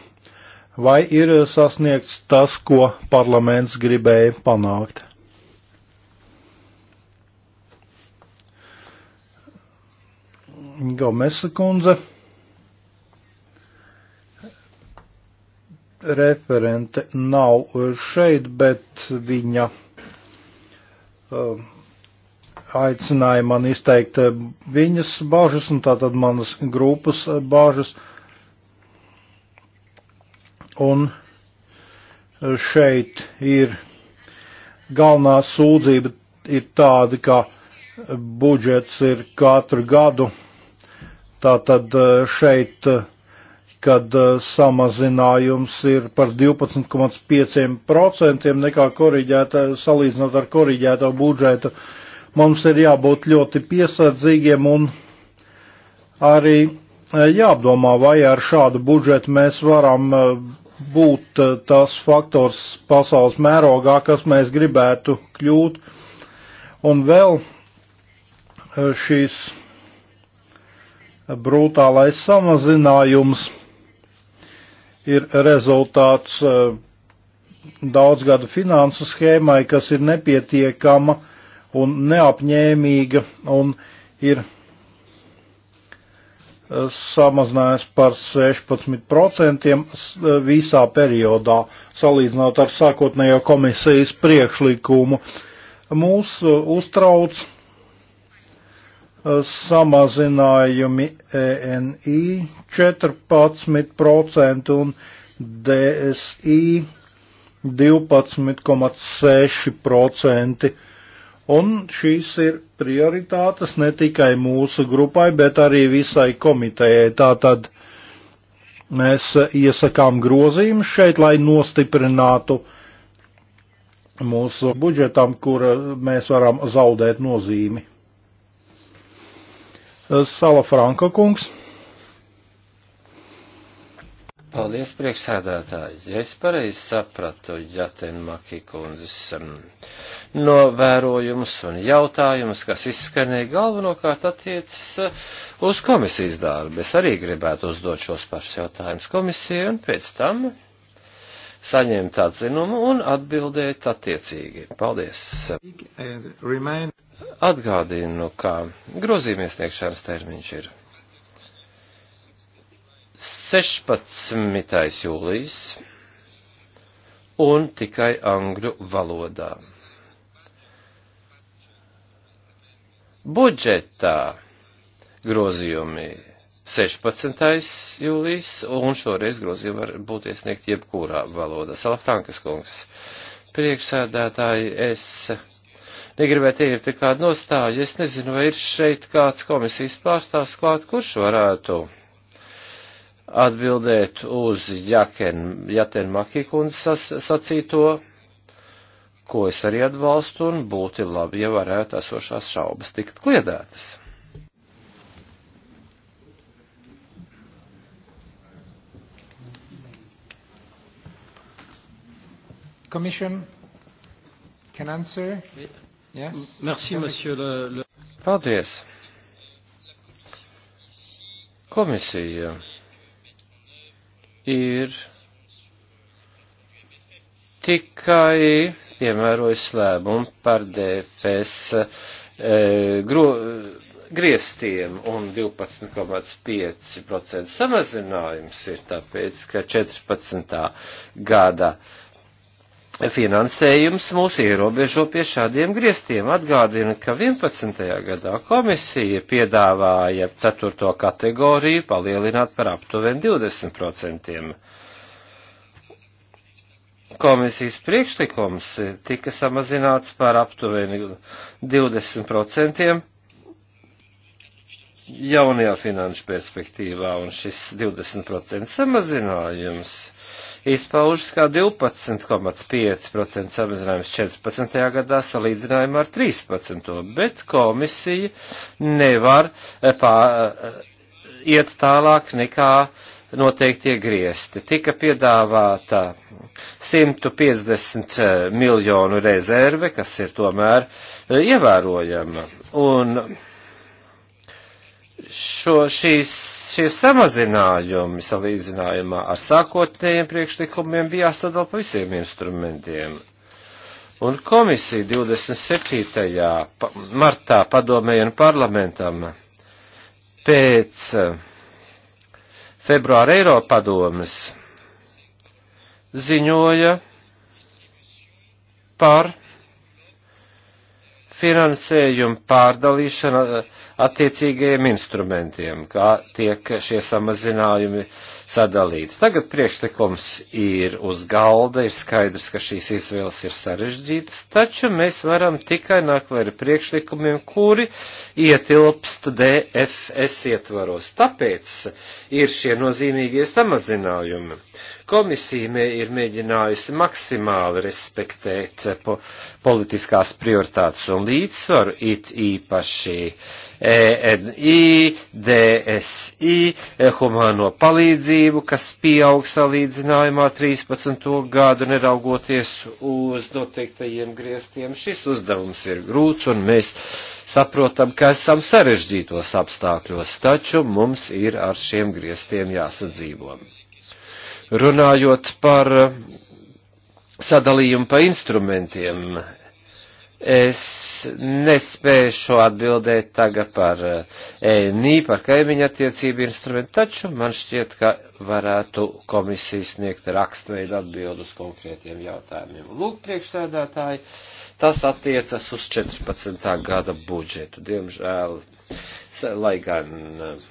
vai ir eh, sasniegts tas, ko parlaments gribēja panākt. Gomesa kundze, referente nav šeit, bet viņa uh, aicināja man izteikt eh, viņas bāžas un tātad manas grupas bāžas. Uh, Un šeit ir galvenā sūdzība ir tāda, ka budžets ir katru gadu. Tātad e, šeit, e, kad e, samazinājums ir par 12,5% nekā korīģēta, salīdzinot ar korīģēto budžetu, mums ir jābūt ļoti piesardzīgiem un arī jāapdomā, vai ar šādu budžetu mēs varam būt eh, tas faktors pasaules mērogā, kas mēs gribētu kļūt. Un vēl eh, šīs brutālais samazinājums ir rezultāts eh, daudzgada finansu schēmai, kas ir nepietiekama un neapņēmīga un ir samazinājās par 16% e, visā periodā, salīdzinot ar sākotnējo komisijas priekšlikumu. Mūs e, uztrauc e, samazinājumi ENI 14% un DSI 12,6%. Un šīs ir prioritātes ne tikai mūsu grupai, bet arī visai komitejai. Tātad mēs iesakām grozījumus šeit, lai nostiprinātu mūsu budžetam, kur mēs varam zaudēt nozīmi. Sala Franka kungs. Paldies, priekšsēdētāji. Ja es pareizi sapratu Jatenmaki kundzes um, novērojumus un jautājumus, kas izskanēja galvenokārt attiecas uh, uz komisijas darbu. Es arī gribētu uzdot šos pašus jautājumus komisijai un pēc tam saņemt atzinumu un atbildēt attiecīgi. Paldies. Atgādinu, ka grozījuma iesniegšanas termiņš ir 16. jūlijas un tikai angļu valodā. Budžetā grozījumi 16. jūlijas, un šoreiz grozījumi var būt iesniegt jebkurā valodā. Salafrankas kungs, priekšsēdētāji, es negribētu iet pie kāda nostāja. Es nezinu, vai ir šeit kāds komisijas pārstāvs klāt, kurš varētu atbildēt uz Jaken, Jaten Makikundas sacīto, ko es arī atbalstu, un būtu labi, ja varētu esošās šaubas tikt kliedētas. Commission can answer. Yes. Merci, monsieur le, le... Paldies. Komisija ir tikai piemērojis lēmumu par DPS e, gro, griestiem un 12,5% samazinājums ir tāpēc, ka 14. gada e, finansējums mūs ierobežo pie šādiem griestiem. Atgādina, ka 11. gadā komisija piedāvāja 4. kategoriju palielināt par aptuveni 20%. Komisijas priekšlikums tika samazināts par aptuveni 20% jaunajā finanšu perspektīvā, un šis 20% samazinājums izpaužas kā 12,5% samazinājums 14. gadā salīdzinājumā ar 13. Bet komisija nevar eh, pā, eh, iet tālāk nekā noteiktie griesti. Tika piedāvāta 150 eh, miljonu rezerve, kas ir tomēr ievērojama. Un šo, šīs, šie samazinājumi salīdzinājumā ar sākotnējiem priekšlikumiem bija jāsadala pa visiem instrumentiem. Un komisija 27. martā padomēja un parlamentam pēc eh, februāra Eiropadomes ziņoja par finansējumu pārdalīšanu eh, attiecīgajiem instrumentiem, kā tiek šie samazinājumi sadalīts. Tagad priekšlikums ir uz galda, ir skaidrs, ka šīs izvēles ir sarežģītas, taču mēs varam tikai nākt vai ar priekšlikumiem, kuri ietilpst DFS ietvaros. Tāpēc ir šie nozīmīgie samazinājumi. Komisija ir mēģinājusi maksimāli respektēt po politiskās prioritātes un līdzsvaru, it īpaši uh, ENI, DSI, e, humāno palīdzību, kas pieaug salīdzinājumā 13. gadu, neraugoties uz noteiktajiem griestiem. Šis uzdevums ir grūts un mēs saprotam, ka esam sarežģītos apstākļos, taču mums ir ar šiem griestiem jāsadzīvo. Runājot par sadalījumu pa instrumentiem, Es nespēšu atbildēt tagad par ENI, eh, e par kaimiņa attiecību instrumentu, taču man šķiet, ka varētu komisija sniegt rakstveidu atbildu uz konkrētiem jautājumiem. Lūk, priekšsēdētāji, tas attiecas uz 14. gada budžetu. Diemžēl, lai gan eh,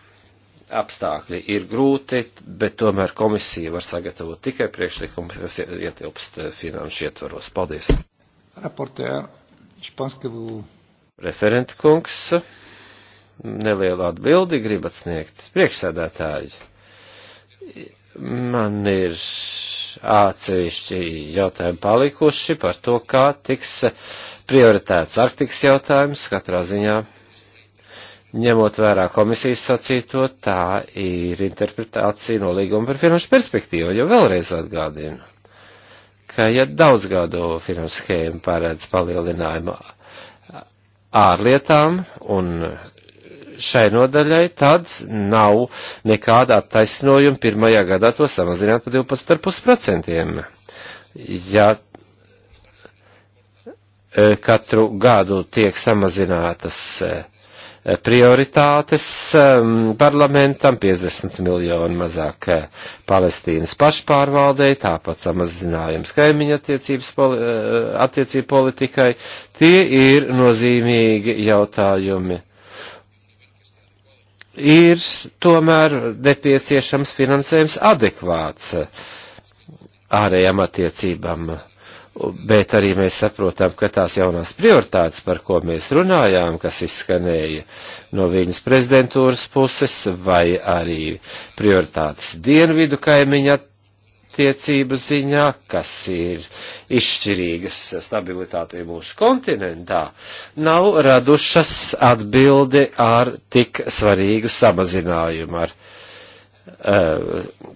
apstākļi ir grūti, bet tomēr komisija var sagatavot tikai priekšlikumu, kas ietilpst eh, finanšu ietvaros. Paldies! Raportēr. Referenta kungs, neliela atbildi gribat sniegt. Priekšsēdētāji, man ir atsevišķi jautājumi palikuši par to, kā tiks prioritēts Arktikas jautājums katrā ziņā. Ņemot vērā komisijas sacīto, tā ir interpretācija no līguma par finanšu perspektīvu, jo vēlreiz atgādinu ka ja daudzgado finanšu schēma paredz palielinājumu ārlietām un šai nodaļai, tad nav nekāda attaisnojuma pirmajā gadā to samazināt pa 12,5%. Ja e, katru gadu tiek samazinātas uh, prioritātes um, parlamentam, 50 miljoni mazāk uh, Palestīnas pašpārvaldei, tāpat samazinājums kaimiņa uh, attiecību politikai. Tie ir nozīmīgi jautājumi. Ir tomēr nepieciešams finansējums adekvāts uh, ārējām attiecībām bet arī mēs saprotam, ka tās jaunās prioritātes, par ko mēs runājām, kas izskanēja no viņas prezidentūras puses, vai arī prioritātes dienvidu kaimiņa attiecību ziņā, kas ir izšķirīgas stabilitātei mūsu kontinentā, nav radušas atbildi ar tik svarīgu samazinājumu, ar uh,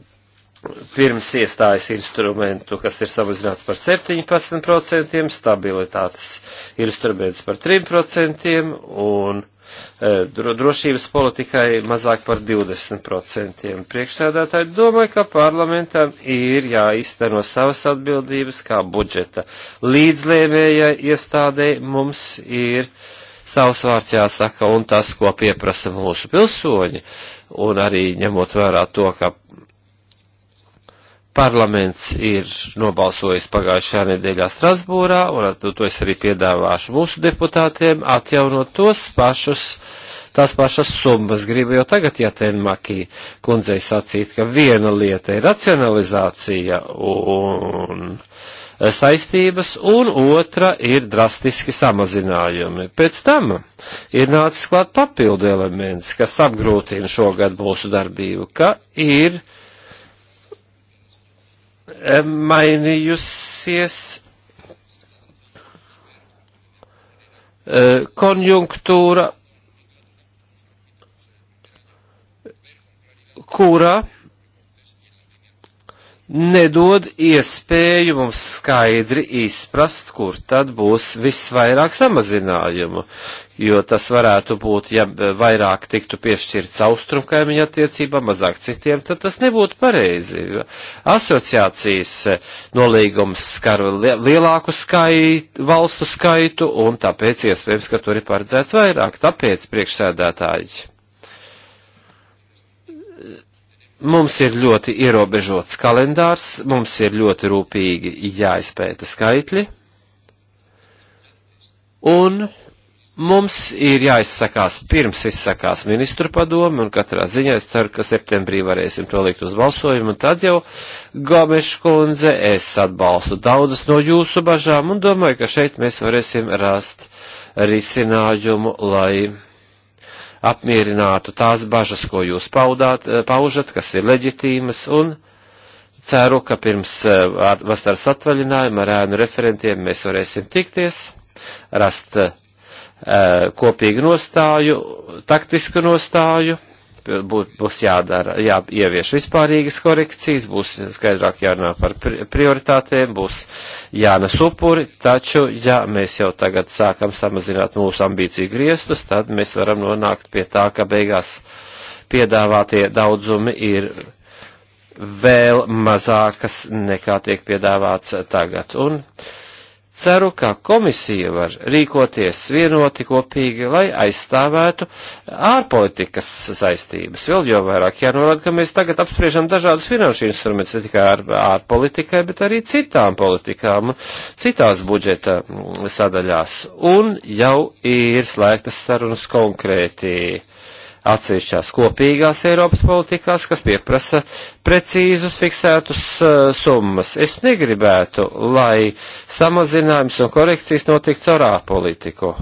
pirms iestājas instrumentu, kas ir samazināts par 17%, stabilitātes instruments par 3% un e, drošības politikai mazāk par 20%. Priekšsēdētāji domāja, ka parlamentam ir jāizteno savas atbildības kā budžeta. Līdzlēmējai iestādē mums ir savs vārds jāsaka un tas, ko pieprasa mūsu pilsoņi, un arī ņemot vērā to, ka Parlaments ir nobalsojis pagājušajā nedēļā Strasbūrā, un to es arī piedāvāšu mūsu deputātiem atjaunot tos pašus, tās pašas summas. Gribu jau tagad jātenmakī kundzei sacīt, ka viena lieta ir racionalizācija un saistības, un otra ir drastiski samazinājumi. Pēc tam ir nācis klāt papildu elements, kas apgrūtina šogad mūsu darbību, ka ir uh, mainījusies e, konjunktūra, kura nedod iespēju mums skaidri izprast, kur tad būs visvairāk samazinājumu jo tas varētu būt, ja vairāk tiktu piešķirts austrumkaimiņa attiecībām, mazāk citiem, tad tas nebūtu pareizi. Asociācijas nolīgums skar lielāku skaitu, valstu skaitu, un tāpēc iespējams, ka tur ir paredzēts vairāk. Tāpēc priekšsēdētāji. Mums ir ļoti ierobežots kalendārs, mums ir ļoti rūpīgi jāizpēta skaitļi, un Mums ir jāizsakās pirms izsakās ministru padomi, un katrā ziņā es ceru, ka septembrī varēsim to likt uz balsojumu, un tad jau, Gomeša kundze, es atbalstu daudzas no jūsu bažām, un domāju, ka šeit mēs varēsim rast risinājumu, lai apmierinātu tās bažas, ko jūs paudāt, paužat, kas ir leģitīmas, un ceru, ka pirms eh, vasaras atvaļinājuma ar ēnu referentiem mēs varēsim tikties, rast Eh, kopīgu nostāju, taktisku nostāju, būs jādara, jāievieš vispārīgas korekcijas, būs skaidrāk jārunā par prioritātēm, būs jānes upuri, taču, ja mēs jau tagad sākam samazināt mūsu ambīciju griestus, tad mēs varam nonākt pie tā, ka beigās piedāvātie daudzumi ir vēl mazākas nekā tiek piedāvāts tagad. Un, uh, Ceru, ka komisija var rīkoties vienoti kopīgi, lai aizstāvētu ārpolitikas saistības. Vēl jau vairāk jānorāda, ka mēs tagad apspriežam dažādus finanšu instrumentus, ne tikai ār, ārpolitikai, bet arī citām politikām, citās budžeta mm, sadaļās. Un jau ir slēgtas sarunas konkrētī atsevišķās kopīgās Eiropas politikās, kas pieprasa precīzus fiksētus uh, summas. Es negribētu, lai samazinājums un korekcijas notiktu caur ārpolitiku.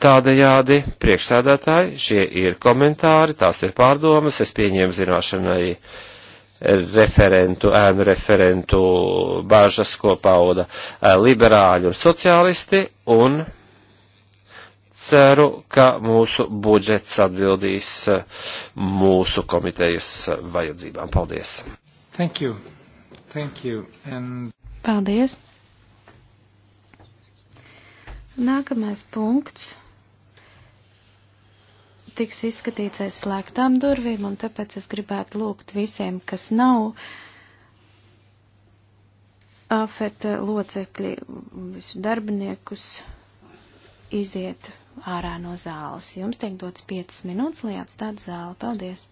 Tādējādi priekšsēdētāji, šie ir komentāri, tās ir pārdomas, es pieņēmu zināšanai referentu, ēnu referentu bāžas, ko pauda eh, liberāļi un sociālisti, un ceru, ka mūsu budžets atbildīs eh, mūsu komitejas eh, vajadzībām. Paldies! Thank you. Thank you. And... Paldies! Nākamais punkts tiks izskatīts aiz slēgtām durvīm, un tāpēc es gribētu lūgt visiem, kas nav afeta locekļi, visu darbiniekus iziet ārā no zāles. Jums tiek dots 5 minūtes, lai atstātu zāli. Paldies!